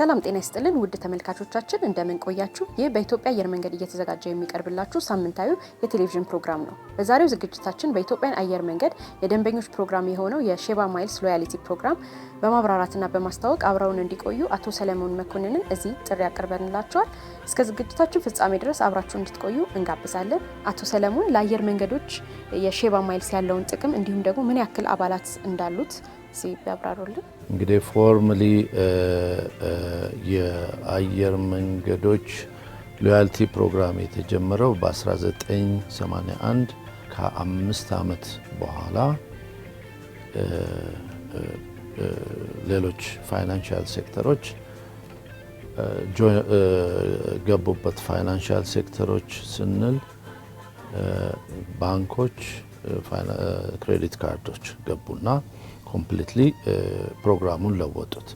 ሰላም ጤና ይስጥልን ውድ ተመልካቾቻችን እንደምን ቆያችሁ? ይህ በኢትዮጵያ አየር መንገድ እየተዘጋጀ የሚቀርብላችሁ ሳምንታዊ የቴሌቪዥን ፕሮግራም ነው። በዛሬው ዝግጅታችን በኢትዮጵያን አየር መንገድ የደንበኞች ፕሮግራም የሆነው የሼባ ማይልስ ሎያሊቲ ፕሮግራም በማብራራትና በማስታወቅ አብረውን እንዲቆዩ አቶ ሰለሞን መኮንንን እዚህ ጥሪ አቅርበንላቸዋል። እስከ ዝግጅታችን ፍጻሜ ድረስ አብራችሁ እንድትቆዩ እንጋብዛለን። አቶ ሰለሞን ለአየር መንገዶች የሼባ ማይልስ ያለውን ጥቅም እንዲሁም ደግሞ ምን ያክል አባላት እንዳሉት እዚህ ቢያብራሩልን። እንግዲህ ፎርምሊ የአየር መንገዶች ሎያልቲ ፕሮግራም የተጀመረው በ1981 ከአምስት ዓመት በኋላ ሌሎች ፋይናንሻል ሴክተሮች ገቡበት። ፋይናንሻል ሴክተሮች ስንል ባንኮች፣ ክሬዲት ካርዶች ገቡና ኮምፕሊትሊ uh, ፕሮግራሙን ለወጡት።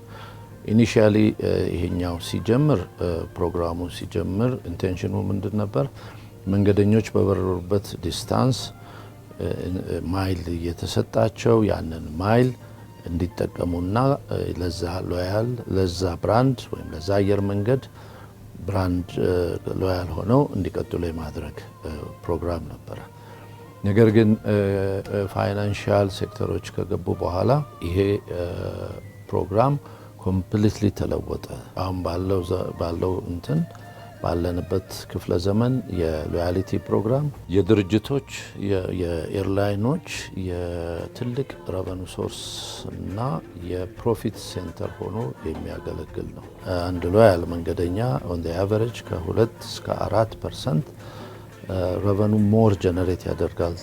ኢኒሺያሊ uh, ይሄኛው ሲጀምር uh, ፕሮግራሙ ሲጀምር ኢንቴንሽኑ ምንድን ነበር? መንገደኞች በበረሩበት ዲስታንስ ማይል እየተሰጣቸው ያንን ማይል እንዲጠቀሙና ለዛ ሎያል ለዛ ብራንድ ወይም ለዛ አየር መንገድ ብራንድ ሎያል ሆነው እንዲቀጥሉ የማድረግ ፕሮግራም ነበረ። ነገር ግን ፋይናንሻል ሴክተሮች ከገቡ በኋላ ይሄ ፕሮግራም ኮምፕሊትሊ ተለወጠ። አሁን ባለው እንትን ባለንበት ክፍለ ዘመን የሎያሊቲ ፕሮግራም የድርጅቶች፣ የኤርላይኖች የትልቅ ረቨኑ ሶርስ እና የፕሮፊት ሴንተር ሆኖ የሚያገለግል ነው። አንድ ሎያል መንገደኛ ኦን አቨሬጅ ከሁለት እስከ አራት ፐርሰንት ረቨኑ ሞር ጀነሬት ያደርጋል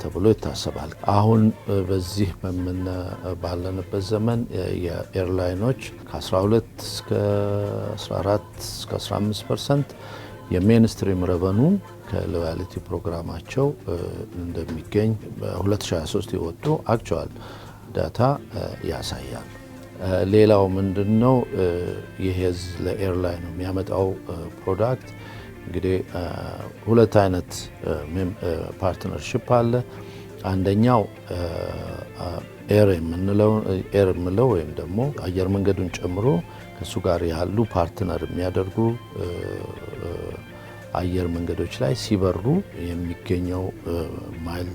ተብሎ ይታሰባል። አሁን በዚህ በምን ባለንበት ዘመን የኤርላይኖች ከ12 እስከ 14 እስከ 15 ፐርሰንት የሜንስትሪም ረቨኑ ከሎያልቲ ፕሮግራማቸው እንደሚገኝ በ2023 የወጡ አክቸዋል ዳታ ያሳያል። ሌላው ምንድን ነው? ይሄ ለኤርላይን የሚያመጣው ፕሮዳክት እንግዲህ ሁለት አይነት ፓርትነርሽፕ አለ። አንደኛው ኤር የምለው ወይም ደግሞ አየር መንገዱን ጨምሮ ከእሱ ጋር ያሉ ፓርትነር የሚያደርጉ አየር መንገዶች ላይ ሲበሩ የሚገኘው ማይል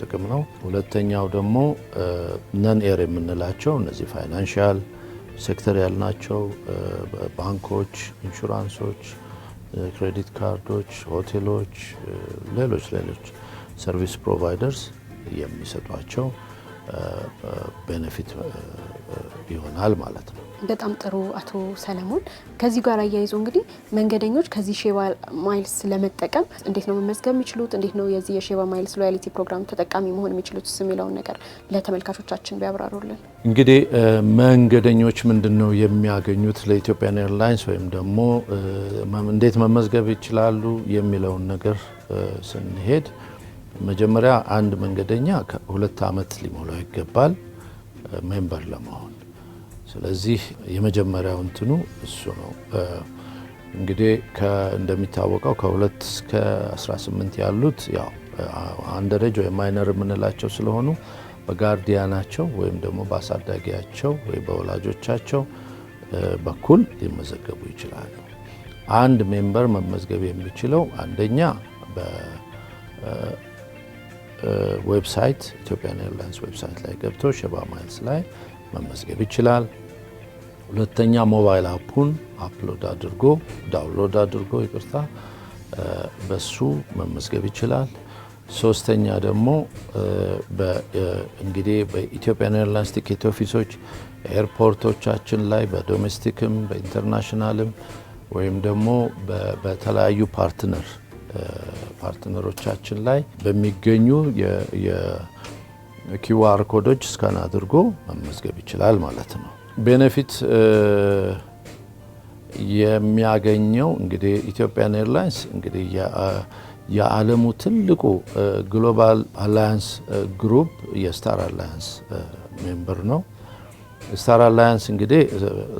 ጥቅም ነው። ሁለተኛው ደግሞ ነን ኤር የምንላቸው እነዚህ ፋይናንሻል ሴክተር ያልናቸው ባንኮች፣ ኢንሹራንሶች ክሬዲት ካርዶች፣ ሆቴሎች፣ ሌሎች ሌሎች ሰርቪስ ፕሮቫይደርስ የሚሰጧቸው ቤኔፊት ይሆናል ማለት ነው። በጣም ጥሩ አቶ ሰለሞን። ከዚህ ጋር አያይዞ እንግዲህ መንገደኞች ከዚህ ሼባ ማይልስ ለመጠቀም እንዴት ነው መመዝገብ የሚችሉት? እንዴት ነው የዚህ የሼባ ማይልስ ሎያሊቲ ፕሮግራም ተጠቃሚ መሆን የሚችሉት የሚለውን ነገር ለተመልካቾቻችን ቢያብራሩልን። እንግዲህ መንገደኞች ምንድን ነው የሚያገኙት ለኢትዮጵያን ኤርላይንስ ወይም ደግሞ እንዴት መመዝገብ ይችላሉ የሚለውን ነገር ስንሄድ መጀመሪያ አንድ መንገደኛ ሁለት ዓመት ሊሞላው ይገባል ሜምበር ለመሆን ስለዚህ የመጀመሪያው እንትኑ እሱ ነው። እንግዲህ እንደሚታወቀው ከሁለት እስከ 18 ያሉት ያው አንደረጅ ወይም ማይነር የምንላቸው ስለሆኑ በጋርዲያናቸው ወይም ደግሞ በአሳዳጊያቸው ወይም በወላጆቻቸው በኩል ሊመዘገቡ ይችላሉ። አንድ ሜምበር መመዝገብ የሚችለው አንደኛ በዌብሳይት ኢትዮጵያን ኤርላይንስ ዌብሳይት ላይ ገብቶ ሸባ ማይልስ ላይ መመዝገብ ይችላል። ሁለተኛ ሞባይል አፑን አፕሎድ አድርጎ ዳውንሎድ አድርጎ ይቅርታ፣ በሱ መመዝገብ ይችላል። ሶስተኛ ደግሞ እንግዲህ በኢትዮጵያን ኤርላይንስ ቲኬት ኦፊሶች ኤርፖርቶቻችን ላይ በዶሜስቲክም በኢንተርናሽናልም ወይም ደግሞ በተለያዩ ፓርትነር ፓርትነሮቻችን ላይ በሚገኙ ኪውአር ኮዶች ስካን አድርጎ መመዝገብ ይችላል ማለት ነው። ቤኔፊት የሚያገኘው እንግዲህ ኢትዮጵያን ኤርላይንስ እንግዲህ የዓለሙ ትልቁ ግሎባል አላያንስ ግሩፕ የስታር አላያንስ ሜምበር ነው። ስታር አላያንስ እንግዲህ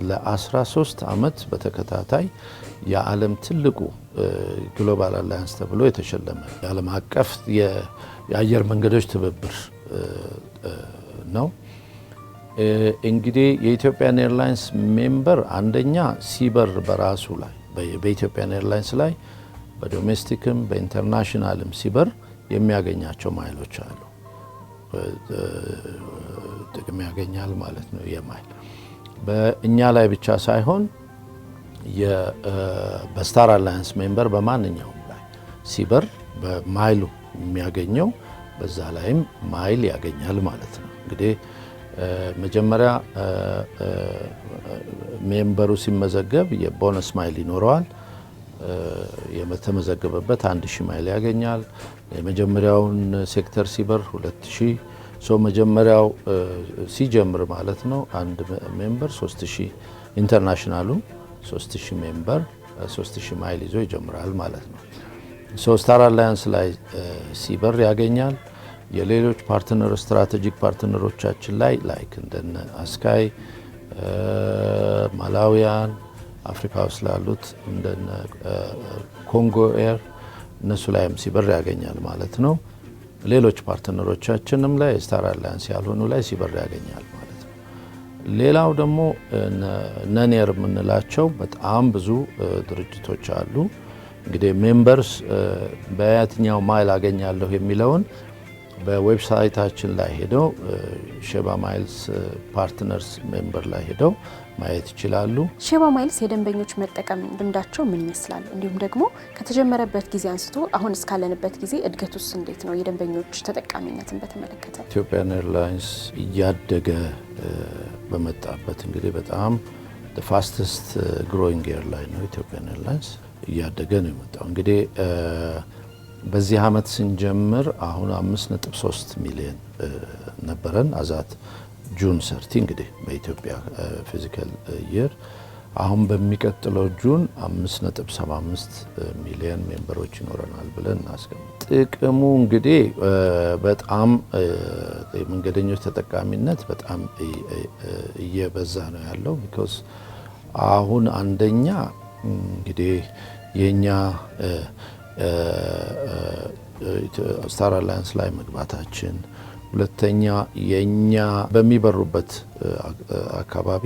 ለ13 ዓመት በተከታታይ የዓለም ትልቁ ግሎባል አላያንስ ተብሎ የተሸለመ የዓለም አቀፍ የአየር መንገዶች ትብብር ነው። እንግዲህ የኢትዮጵያን ኤርላይንስ ሜምበር አንደኛ ሲበር በራሱ ላይ በኢትዮጵያን ኤርላይንስ ላይ በዶሜስቲክም በኢንተርናሽናልም ሲበር የሚያገኛቸው ማይሎች አሉ። ጥቅም ያገኛል ማለት ነው። የማይል በእኛ ላይ ብቻ ሳይሆን በስታር አላያንስ ሜምበር በማንኛውም ላይ ሲበር በማይሉ የሚያገኘው በዛ ላይም ማይል ያገኛል ማለት ነው። እንግዲህ መጀመሪያ ሜምበሩ ሲመዘገብ የቦነስ ማይል ይኖረዋል። የተመዘገበበት አንድ ሺህ ማይል ያገኛል። የመጀመሪያውን ሴክተር ሲበር ሁለት ሺህ ሰው መጀመሪያው ሲጀምር ማለት ነው አንድ ሜምበር ሶስት ኢንተርናሽናሉ ሶስት ሜምበር ሶስት ማይል ይዞ ይጀምራል ማለት ነው። ሶ ስታር አላያንስ ላይ ሲበር ያገኛል የሌሎች ፓርትነር ስትራቴጂክ ፓርትነሮቻችን ላይ ላይክ እንደነ አስካይ ማላዊያን አፍሪካ ውስጥ ላሉት እንደነ ኮንጎ ኤር እነሱ ላይም ሲበር ያገኛል ማለት ነው። ሌሎች ፓርትነሮቻችንም ላይ ስታር አላያንስ ያልሆኑ ላይ ሲበር ያገኛል ማለት ነው። ሌላው ደግሞ ነኔር የምንላቸው በጣም ብዙ ድርጅቶች አሉ። እንግዲህ ሜምበርስ በየትኛው ማይል አገኛለሁ የሚለውን በዌብሳይታችን ላይ ሄደው ሼባ ማይልስ ፓርትነርስ ሜምበር ላይ ሄደው ማየት ይችላሉ። ሼባ ማይልስ የደንበኞች መጠቀም ልምዳቸው ምን ይመስላል? እንዲሁም ደግሞ ከተጀመረበት ጊዜ አንስቶ አሁን እስካለንበት ጊዜ እድገት ውስጥ እንዴት ነው? የደንበኞች ተጠቃሚነትን በተመለከተ ኢትዮጵያን ኤርላይንስ እያደገ በመጣበት እንግዲህ በጣም ፋስትስት ግሮይንግ ኤርላይን ነው ኢትዮጵያን ኤርላይንስ እያደገ ነው የመጣው እንግዲህ በዚህ ዓመት ስንጀምር አሁን 5.3 ሚሊዮን ነበረን አዛት ጁን ሰርቲ እንግዲህ በኢትዮጵያ ፊዚካል ይር አሁን በሚቀጥለው ጁን 5.75 ሚሊዮን ሜምበሮች ይኖረናል ብለን እናስቀምጥ። ጥቅሙ እንግዲህ በጣም የመንገደኞች ተጠቃሚነት በጣም እየበዛ ነው ያለው። ቢኮዝ አሁን አንደኛ እንግዲህ የእኛ ስታር አላያንስ ላይ መግባታችን፣ ሁለተኛ የእኛ በሚበሩበት አካባቢ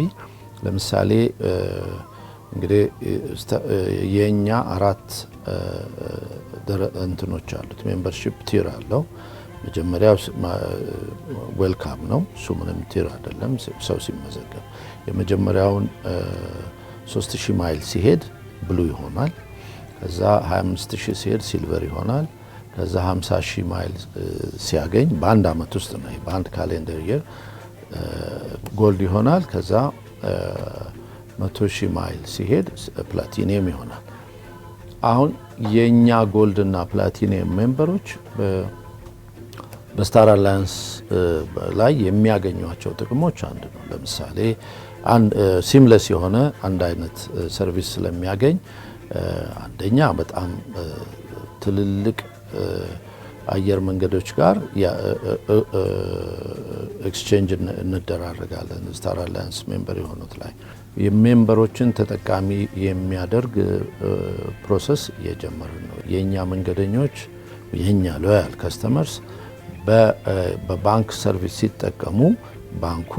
ለምሳሌ እንግዲህ የእኛ አራት እንትኖች አሉት። ሜምበርሺፕ ቲር አለው። መጀመሪያ ዌልካም ነው። እሱ ምንም ቲር አይደለም። ሰው ሲመዘገብ የመጀመሪያውን 3000 ማይል ሲሄድ ብሉ ይሆናል። ከዛ 25 ሺህ ሲሄድ ሲልቨር ይሆናል። ከዛ 50 ሺህ ማይል ሲያገኝ በአንድ አመት ውስጥ ነው በአንድ ካሌንደር የር ጎልድ ይሆናል። ከዛ 100 ሺህ ማይል ሲሄድ ፕላቲኒየም ይሆናል። አሁን የእኛ ጎልድ እና ፕላቲኒየም ሜምበሮች በስታር አላያንስ ላይ የሚያገኟቸው ጥቅሞች አንድ ነው። ለምሳሌ ሲምለስ የሆነ አንድ አይነት ሰርቪስ ስለሚያገኝ አንደኛ በጣም ትልልቅ አየር መንገዶች ጋር ኤክስቼንጅ እንደራረጋለን። ስታር አላያንስ ሜምበር የሆኑት ላይ የሜምበሮችን ተጠቃሚ የሚያደርግ ፕሮሰስ እየጀመርን ነው። የእኛ መንገደኞች የእኛ ሎያል ከስተመርስ በባንክ ሰርቪስ ሲጠቀሙ ባንኩ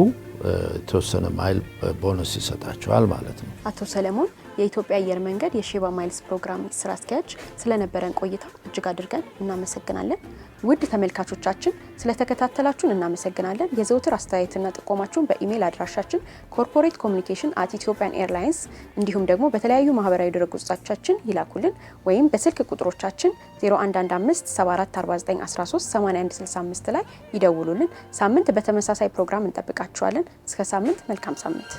የተወሰነ ማይል ቦነስ ይሰጣቸዋል ማለት ነው። አቶ ሰለሞን የኢትዮጵያ አየር መንገድ የሼባ ማይልስ ፕሮግራም ስራ አስኪያጅ፣ ስለነበረን ቆይታ እጅግ አድርገን እናመሰግናለን። ውድ ተመልካቾቻችን ስለተከታተላችሁን እናመሰግናለን። የዘውትር አስተያየትና ጥቆማችሁን በኢሜይል አድራሻችን ኮርፖሬት ኮሚኒኬሽን አት ኢትዮጵያን ኤርላይንስ እንዲሁም ደግሞ በተለያዩ ማህበራዊ ድረገጾቻችን ይላኩልን ወይም በስልክ ቁጥሮቻችን 0115744913 ላይ ይደውሉልን። ሳምንት በተመሳሳይ ፕሮግራም እንጠብቃችኋለን። እስከ ሳምንት መልካም ሳምንት